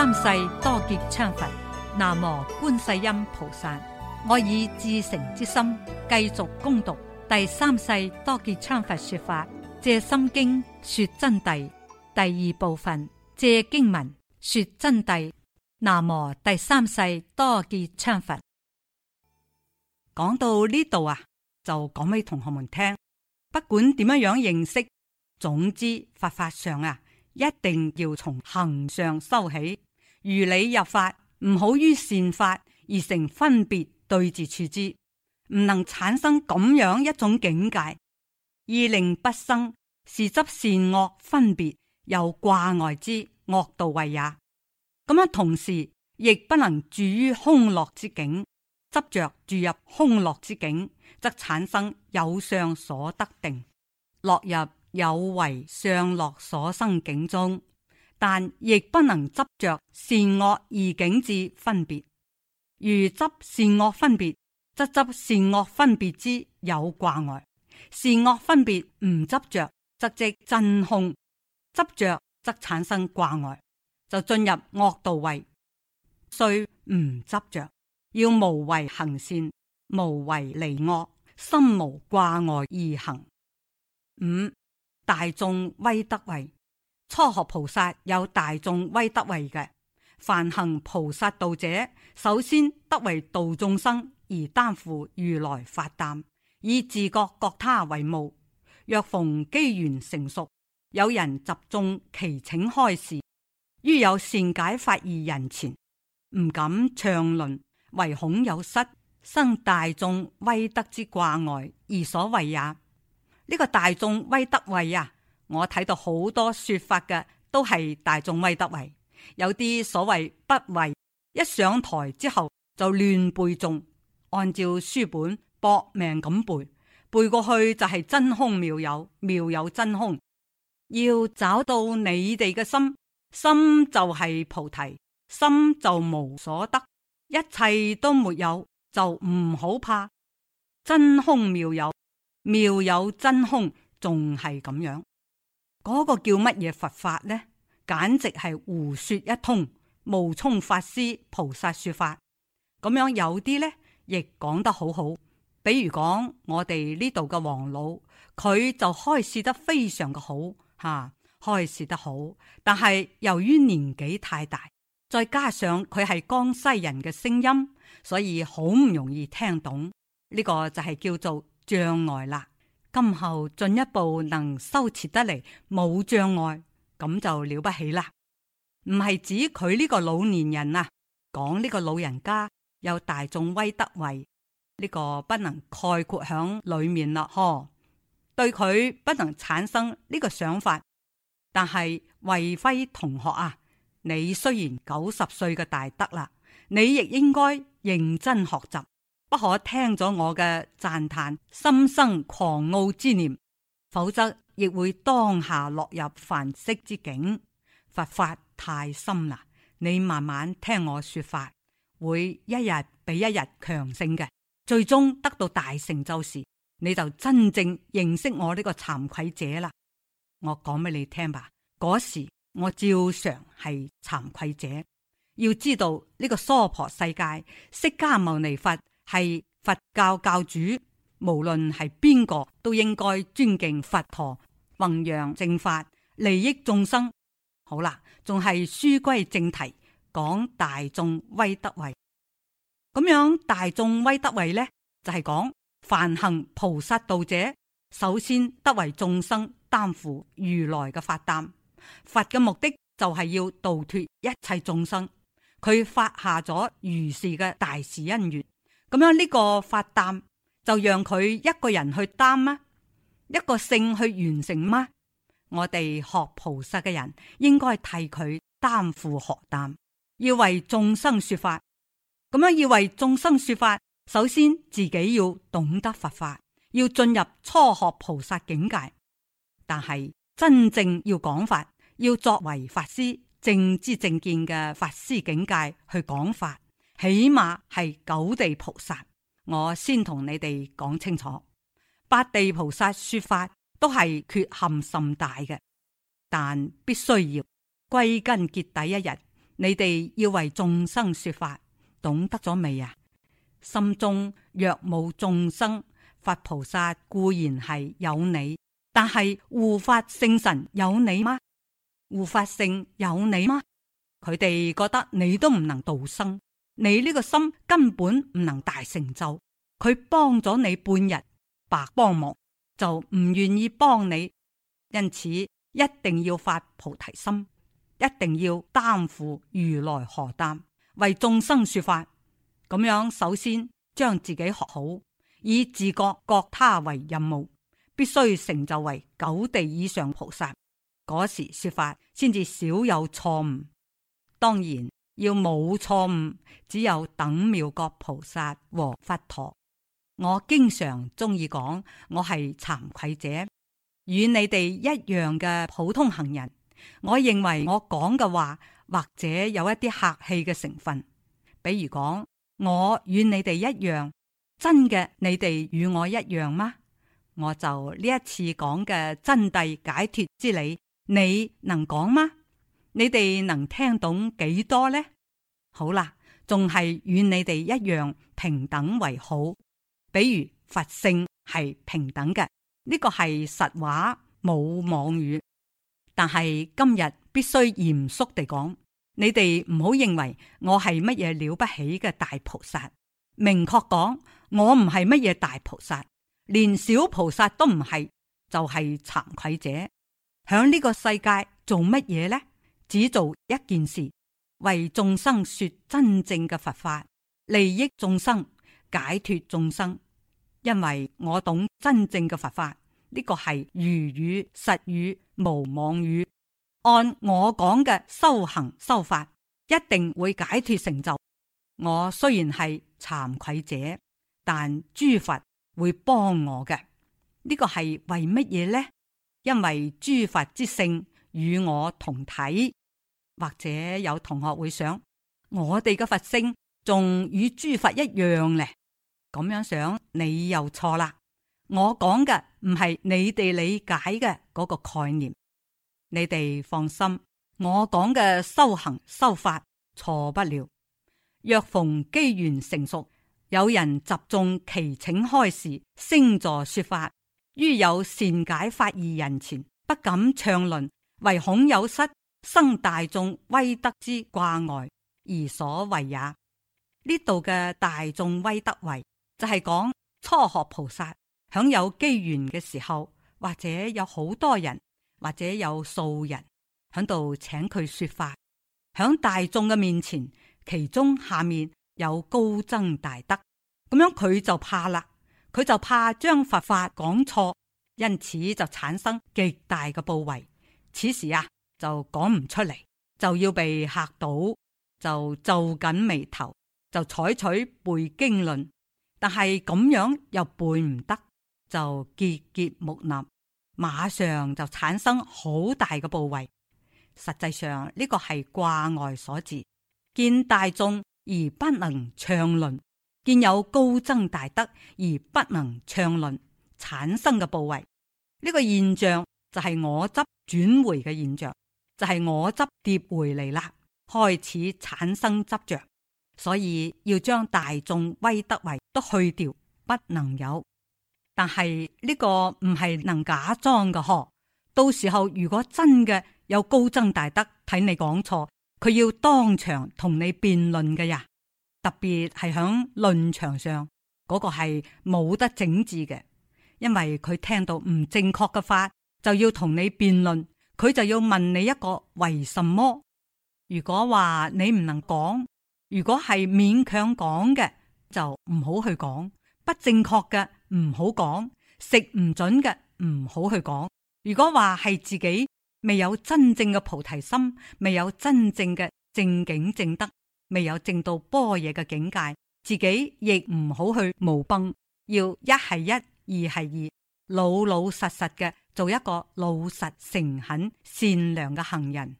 三世多杰羌佛，南無觀世音菩薩。我以至誠之心繼續攻讀第三世多杰羌佛說法，借心經說真諦第二部分，借經文說真諦。南無第三世多杰羌佛。講到呢度啊，就講俾同學們聽。不管點樣樣認識，總之佛法，法上啊，一定要從行上修起。如理入法唔好於善法而成分別對治處之，唔能產生咁樣一種境界，二令不生是執善惡分別又掛礙之惡道為也。咁樣同時亦不能住於空樂之境，執着住入空樂之境，則產生有相所得定，落入有為相樂所生境中。但亦不能執着善惡而境智分別，如執善惡分別，則執善惡分別之有掛礙；善惡分別唔執着，則即鎮控；執着則產生掛礙，就進入惡道位。須唔執着，要無為行善，無為離惡，心無掛礙而行。五大眾威德位。初學菩薩有大眾威德位嘅，凡行菩薩道者，首先得為度眾生而擔負如來法擔，以自覺覺他為務。若逢機緣成熟，有人集眾祈請開示，於有善解法義人前，唔敢暢論，唯恐有失生大眾威德之掛礙，而所為也。呢、這個大眾威德位啊。我睇到好多說法嘅，都係大眾威德為有啲所謂不為，一上台之後就亂背誦，按照書本搏命咁背，背過去就係真空妙有，妙有真空，要找到你哋嘅心，心就係菩提，心就無所得，一切都沒有，就唔好怕，真空妙有，妙有真空，仲係咁樣。嗰個叫乜嘢佛法呢？簡直係胡說一通，冒充法師菩薩說法。咁樣有啲呢，亦講得好好。比如講我哋呢度嘅王老，佢就開示得非常嘅好，吓、啊、開示得好。但係由於年紀太大，再加上佢係江西人嘅聲音，所以好唔容易聽懂。呢、這個就係叫做障礙啦。今後進一步能修持得嚟，冇障礙，咁就了不起啦！唔係指佢呢個老年人啊，講呢個老人家有大眾威德慧呢，呢個不能概括響裏面啦，呵，對佢不能產生呢個想法，但係惠輝同學啊，你雖然九十歲嘅大德啦，你亦應該認真學習。不可聽咗我嘅讚嘆，心生狂傲之念，否則亦會當下落入凡色之境。佛法太深啦，你慢慢聽我說法，會一日比一日強盛嘅，最終得到大成就時，你就真正認識我呢個慚愧者啦。我講俾你聽吧，嗰時我照常係慚愧者，要知道呢個娑婆世界釋迦牟尼佛，係佛教教主，無論係邊個都應該尊敬佛陀，弘揚正法，利益眾生。好啦，仲係書歸正題，講大眾威德慧。咁樣大眾威德慧呢，就係、是、講凡行菩薩道者，首先得為眾生擔負如來嘅法擔。佛嘅目的就係要度脫一切眾生，佢發下咗如是嘅大事因緣。咁樣呢個法擔就讓佢一個人去擔嗎？一個性去完成嗎？我哋學菩薩嘅人應該替佢擔負荷擔，要為眾生說法。咁樣要為眾生說法，首先自己要懂得佛法，要進入初學菩薩境界。但係真正要講法，要作為法師正知正見嘅法師境界去講法。起碼係九地菩薩，我先同你哋講清楚。八地菩薩說法都係缺陷甚大嘅，但必須要歸根結底，一日你哋要為眾生說法，懂得咗未啊？心中若冇眾生，佛菩薩固然係有你，但係護法聖神有你嗎？護法聖有你嗎？佢哋覺得你都唔能度生。你呢個心根本唔能大成就，佢幫咗你半日，白幫忙，就唔願意幫你。因此一定要發菩提心，一定要擔負如來何擔，為眾生說法。咁樣首先將自己學好，以自覺覺他為任務，必須成就為九地以上菩薩，嗰時說法先至少有錯誤。當然。要冇錯誤，只有等妙覺菩薩和佛陀。我經常中意講，我係慚愧者，與你哋一樣嘅普通行人。我認為我講嘅話，或者有一啲客氣嘅成分。比如講，我與你哋一樣，真嘅，你哋與我一樣嗎？我就呢一次講嘅真諦解脫之理，你能講嗎？你哋能聽懂幾多呢？好啦，仲係與你哋一樣平等為好。比如佛性係平等嘅，呢個係實話，冇妄語。但係今日必須嚴肅地講，你哋唔好認為我係乜嘢了不起嘅大菩薩。明確講，我唔係乜嘢大菩薩，連小菩薩都唔係，就係慚愧者。響呢個世界做乜嘢呢？只做一件事，為眾生說真正嘅佛法，利益眾生，解脫眾生。因為我懂真正嘅佛法，呢個係如語、實語、無妄語。按我講嘅修行、修法，一定會解脫成就。我雖然係慚愧者，但諸佛會幫我嘅。呢個係為乜嘢呢？因為諸佛之性與我同體。或者有同學會想，我哋嘅佛性仲與諸佛一樣呢？咁樣想你又錯啦。我講嘅唔係你哋理解嘅嗰個概念，你哋放心，我講嘅修行修法錯不了。若逢機緣成熟，有人集中祈請開示，星座說法，於有善解法義人前不敢暢論，唯恐有失。生大眾威德之掛礙而所為也。呢度嘅大眾威德畏就係、是、講初學菩薩享有機緣嘅時候，或者有好多人，或者有數人響度請佢說法，響大眾嘅面前，其中下面有高僧大德，咁樣佢就怕啦，佢就怕將佛法講錯，因此就產生極大嘅怖畏。此時啊～就講唔出嚟，就要被嚇到，就皺緊眉頭，就採取背經論，但係咁樣又背唔得，就結結木立，馬上就產生好大嘅部位。實際上呢個係掛礙所致，見大眾而不能暢論，見有高僧大德而不能暢論，產生嘅部位呢、這個現象就係我執轉回嘅現象。就係我執跌回嚟啦，開始產生執着，所以要將大眾威德慧都去掉，不能有。但係呢、這個唔係能假裝嘅呵，到時候如果真嘅有高僧大德，睇你講錯，佢要當場同你辯論嘅呀。特別係響論場上，嗰、那個係冇得整治嘅，因為佢聽到唔正確嘅法，就要同你辯論。佢就要問你一個為什麼？如果話你唔能講，如果係勉強講嘅，就唔好去講；不正確嘅唔好講，食唔準嘅唔好去講。如果話係自己未有真正嘅菩提心，未有真正嘅正境正德，未有正到般若嘅境界，自己亦唔好去冒蹦，要一係一，二係二，老老實實嘅。做一個老實誠懇善良嘅行人。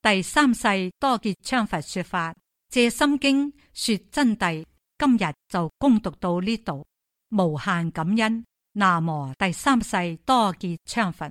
第三世多杰羌佛說法，借心經說真諦。今日就攻讀到呢度，無限感恩。南無第三世多杰羌佛。